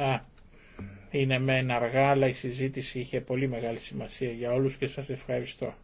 Α, είναι μεν αργά, αλλά η συζήτηση είχε πολύ μεγάλη σημασία για όλους και σας ευχαριστώ.